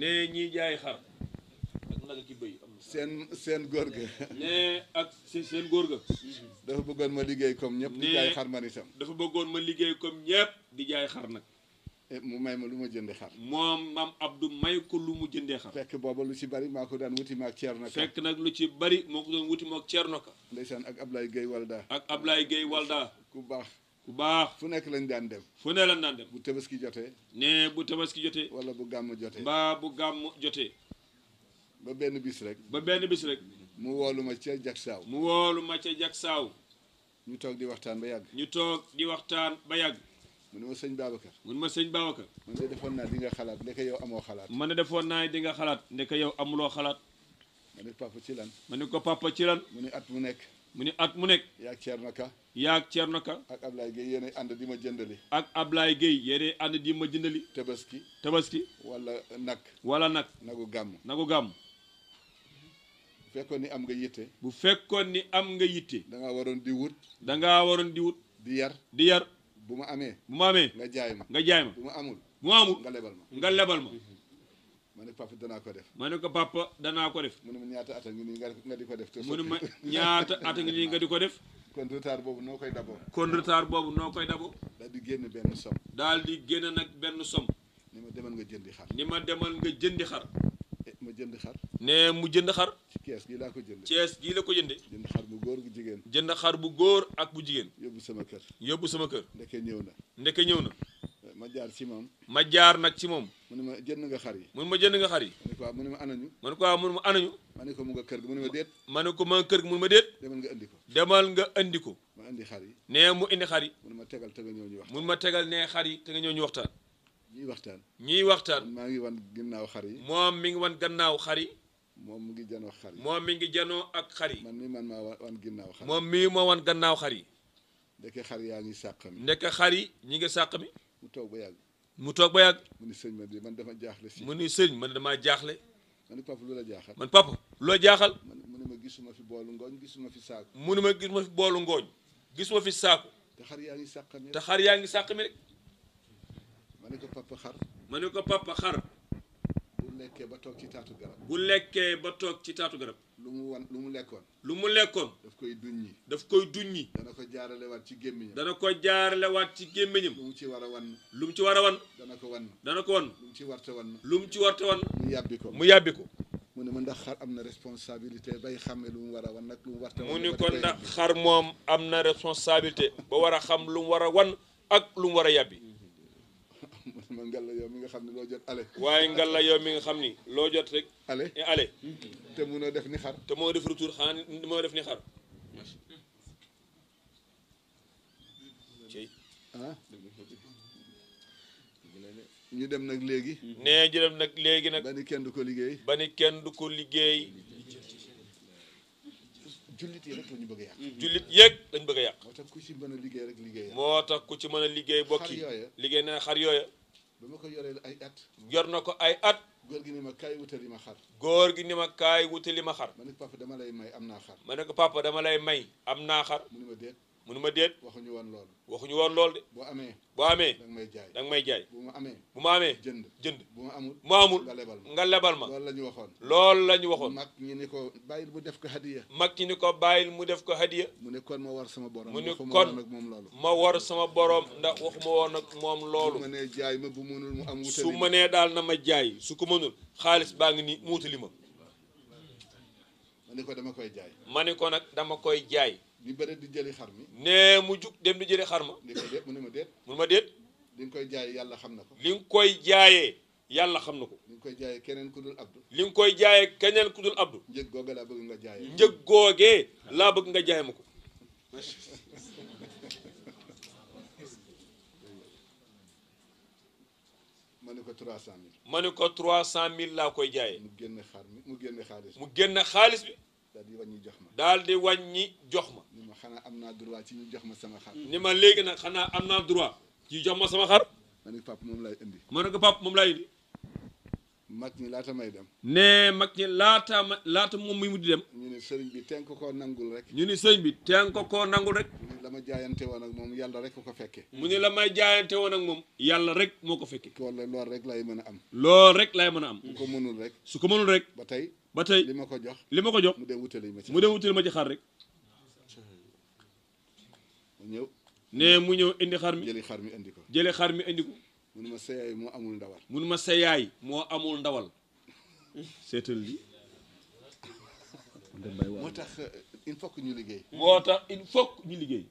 ne ñiy jaay xar ak nag ki bëy seen seen góor ga ne ak seen góor ga dafa bëggoon ma liggéey comme ñëpp di jaay xar man dafa bëggoon ma liggéey comme ñëpp di jaay xar nag eh, mu may ma lu ma jëndee xar moom maam Abdou may ko lu mu jëndee xar fekk booba lu ci bari maa ko daan wuti maag Ceerno ka fekk nag lu ci bari moo ko doon wuti maag Ceerno ka ndeysaan ak Ablaye géey Walda ak Ablaye géey Walda ku baax ku baax fu nekk lañ daan dem fu ne lañ daan dem bu tabaski jotee nee bu tabaski jotee wala bu gàmm jotee mbaa bu gàmmu jotee ba benn bis rek ba benn bis rek mu woolu ma ca jak saaw mu woolu ma ca jak saaw ñu toog di waxtaan ba yàgg ñu toog di waxtaan ba yàgg mu ne ma sëñ Babacar mu ne ma sëñ Babacar man de defoon naa di nga xalaat ndeke yow amoo xalaat ma ne defoon naa di nga xalaat ndeke yow amuloo xalaat ma ne papa ci lan ma ne ko papa ci lan mu ne at mu nekk mu ne at mu nekk yaag Thierno yaag Thierno Ka ak Ablaye Gueye yéenay ànd di ma jëndali ak Ablaye Gueye yéenay ànd di ma jëndali tabaski tabaski wala nag wala nag nagu gàmm nagu gàmm bu fekkoon ni am nga yitte bu fekkoon ni am nga yitte da ngaa waroon di wut waroon di di yar di yar bu ma amee bu ma amee nga jaay ma nga jaay ma bu ma amul bu nga lebal ma nga lebal ma ma ne papa danaa ko def ne ko papa danaa ko def mu ne ma ñaata at a ngi nga di ko def mu ne ma ñaata at a ngi nii nga di ko def kon retard boobu noo koy daboo. kon retard boobu noo koy daboo. daal di génn benn som. daal di génn nag benn som. ni ma demal nga jëndi xar. ni ma demal nga jëndi xar. Eh, ma jënd xar. ne mu jënd xar. kees gii laa ko jëndee. kees gii la ko jëndee. jënd xar bu góor bu jigéen. jënd xar bu góor ak bu jigéen. yóbbu sama kër. yóbbu sama kër. ndeke ñëw na. ndeke ñëw na. Eh, ma jaar ci moom. ma jaar nag ci moom. mu ne ma jënd nga xar yi. mu ma jënd nga xar yi. mu ne ko waaw mu ma anañu. mu ma ne ko mu kër gi mu ne ma déet. ma ko ma kër gi mu nga indi ko. demal nga indi ko. ma indi yi. nee mu indi xar yi. mu ma tegal te nga ñëw ñu waxtaan. ma tegal nee xar yi te nga ñu waxtaan. ñuy waxtaan. ñuy waxtaan. maa ngi wan gannaaw xar yi. moom mi ngi wan gannaaw xar yi. moom mi ngi janoo xar yi. moom mi ngi janoo ak xar yi. man mii man wan gannaaw xar yi. moom moo wan gannaaw xar yi. ndeke yaa ngi sàq mi. ndeke yi ñi ngi sàq mi. mu toog ba yàgg. mu toog ba yàgg. mu ni sëñ man dama jaaxle si. mu ni sëñ man damaa jaaxle ma ne lu la jaaxal man papa lu la jaaxal. mu ne ma gisuma fi boolu ngooñ gisuma fi saako. mu ma gisuma fi boolu ngooñ gisuma fi saako. te xar yaa ngi sàq mi te xar yaa ngi sàq mi rek. ma ne ko papa xar. ma ne ko papp xar. bu lekkee ba toog ci taatu garab. bu lekkee ba toog ci taatu garab. lu mu wan lu mu lekkoon. lu mu lekkoon. koy duññi daf koy duññi dana ko jaarale waat ci gémmiñam dana ko jaarale waat ci gémmiñam mu ci war a wan lu mu ci war a wan dana ko wan dana ko wan lu mu ci warta lu mu ci warta wan mu yàbbi ko mu yàbbi ko ne ma ndax xar am na responsabilité bay xame lu mu war a wan nag lu mu warta wan mu ni ko moom am na responsabilité ba war a xam lu mu war a wan ak lu mu war a yàbbi man ngalla yow mi nga xam ne loo jot ale waaye ngala yow mi nga xam ni loo jot rek ale ale te munoo def ni xar te moo def retour xanaa moo def ni xar Ah. ñu dem nag léegi. nee ñu dem nag léegi nag. ba ni kenn du ko liggéey. ba ni kenn du ko liggéey. jullit yi rek lañu bëgg a yàq. jullit yëg lañu bëgg a yàq. moo tax ku ci mën a liggéey rek liggéey. moo tax ku ci mën a liggéey bokki. xar yooya liggéey nee na xar yooya. ba ma ko yoree ay at. yor na ko ay at. góor gi ni ma kaay wutali ma xar góor gi ni ma kaay wutali ma xar ma ne ko papa dama lay may am naa xar ma ne ko papa dama lay may am naa xar mu ni ma déet munu ma déet waxuñu woon loolu waxuñu woon lool de bu amee bu amee danga may jaay danga may jaay bu ma amee bu ma amee jënd jënd bu mu amul nga lebal ma nga lebal ma loolu la ñu waxoon loolu la ñu waxoon mag ñi ni ko bàyyil mu def ko hadiya mag ñi ni ko bàyyil mu def ko hadiya mu ne kon war sama borom mu ne kon nag moom loolu ma war sama borom ndax waxuma woon nag moom loolu ma ne jaay ma bu mënul mu am wutali su ma nee daal na ma jaay su ko mënul xaalis baa ngi nii mu wutali ma ma ne ko dama koy jaay ma ne ko nag dama koy jaay di bëre di jëli xar mi ne mu jug dem di jëli xar ma di ko déet mu ne ma déet mun ma déet li nga koy jaayee yàlla xam na ko li nga koy jaayee yàlla xam na ko li nga koy jaayee keneen ku dul abdu li nga koy jaayee keneen ku dul abdu njëg googe laa bëgg nga jaayee njëg googee laa bëgg nga jaay ma ko ma ne ko trois cent mille ma ne ko trois cent mille laa koy jaayee mu génn xaar mi mu génn xaalis mu génn xaalis bi daal di wàññi jox ma daal di wàññi jox ma xanaa am naa droit ci ñu jox ma sama xar. ni ma léegi nag xanaa am naa droit ci jox ma sama xar. ma ne pap moom lay indi. ma ne ko pap moom laay indi. mag ñi laata may dem. nee mag ñi laata ma laata moom muy mujj dem. ñu ne sëriñ bi tenk ko nangul rek. ñu ni sëriñ bi tenk ko nangul rek. mu ne la ma jaayante woon ak moom yàlla rek ko ko fekkee. mu ne la may jaayante woon ak moom. yàlla rek moo ko fekkee. wala loolu rek lay mën a am. loolu rek lay mën a am. su ko mënul rek. su ko mënul rek. ba tey. ba tey li ma ko jox. li ma ko jox mu dee wutali ma ci. mu dee wutali ma ci rek. mu ñëw ne mu ñëw indi xar mi xar mi indi ko jëli xar mi indi ko ma sa yaay moo amul ndawal mun ma sa moo amul ndawal seetal li moo tax euh, il faut que ñu liggéey moo tax il faut que ñu liggéey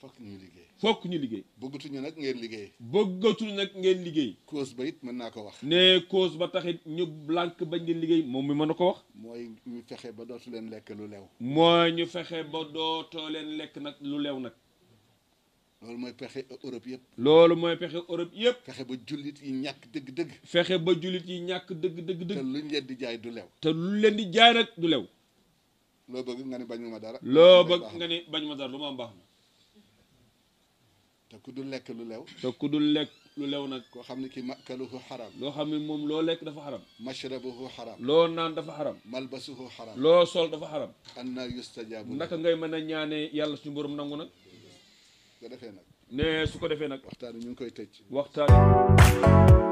fokk ñu liggéey fokk ñu liggéey bëggatuñu nag ngeen liggéey bëggatuñu nag ngeen liggéey cause ba it mën naa ko wax ne cause ba taxit ñu lànk bañ ngeen liggéey moom mi mën na ko wax mooy ñu fexe ba dootu leen lekk lu lew mooy ñu fexe ba dootoo leen lekk nag lu lew nag loolu mooy pexe Europe yëpp. loolu mooy pexe Europe yëpp. fexe ba jullit yi ñàkk dëgg-dëgg. fexe ba jullit yi ñàkk dëgg-dëgg. te luñ leen di jaay du lew. te luñ leen di jaay nag du lew. loo bëgg nga ni bañu ma dara. loo bëgg nga ni bañ ma dara lu ma am te ku dul lekk lu lew. ku dul lekk lu lew nag. koo xam ne ki makaluhu xaram. loo xam ne moom loo lekk dafa xaram. mashrabuhu xaram. loo naan dafa xaram. malbasuhu xaram. loo sol dafa xaram. anna yustajaabu naka ngay mën a ñaane yàlla suñu borom nangu nag su ko defee nag. ne su ko defee nag. waxtaan ñu ngi koy tëj. waxtaan.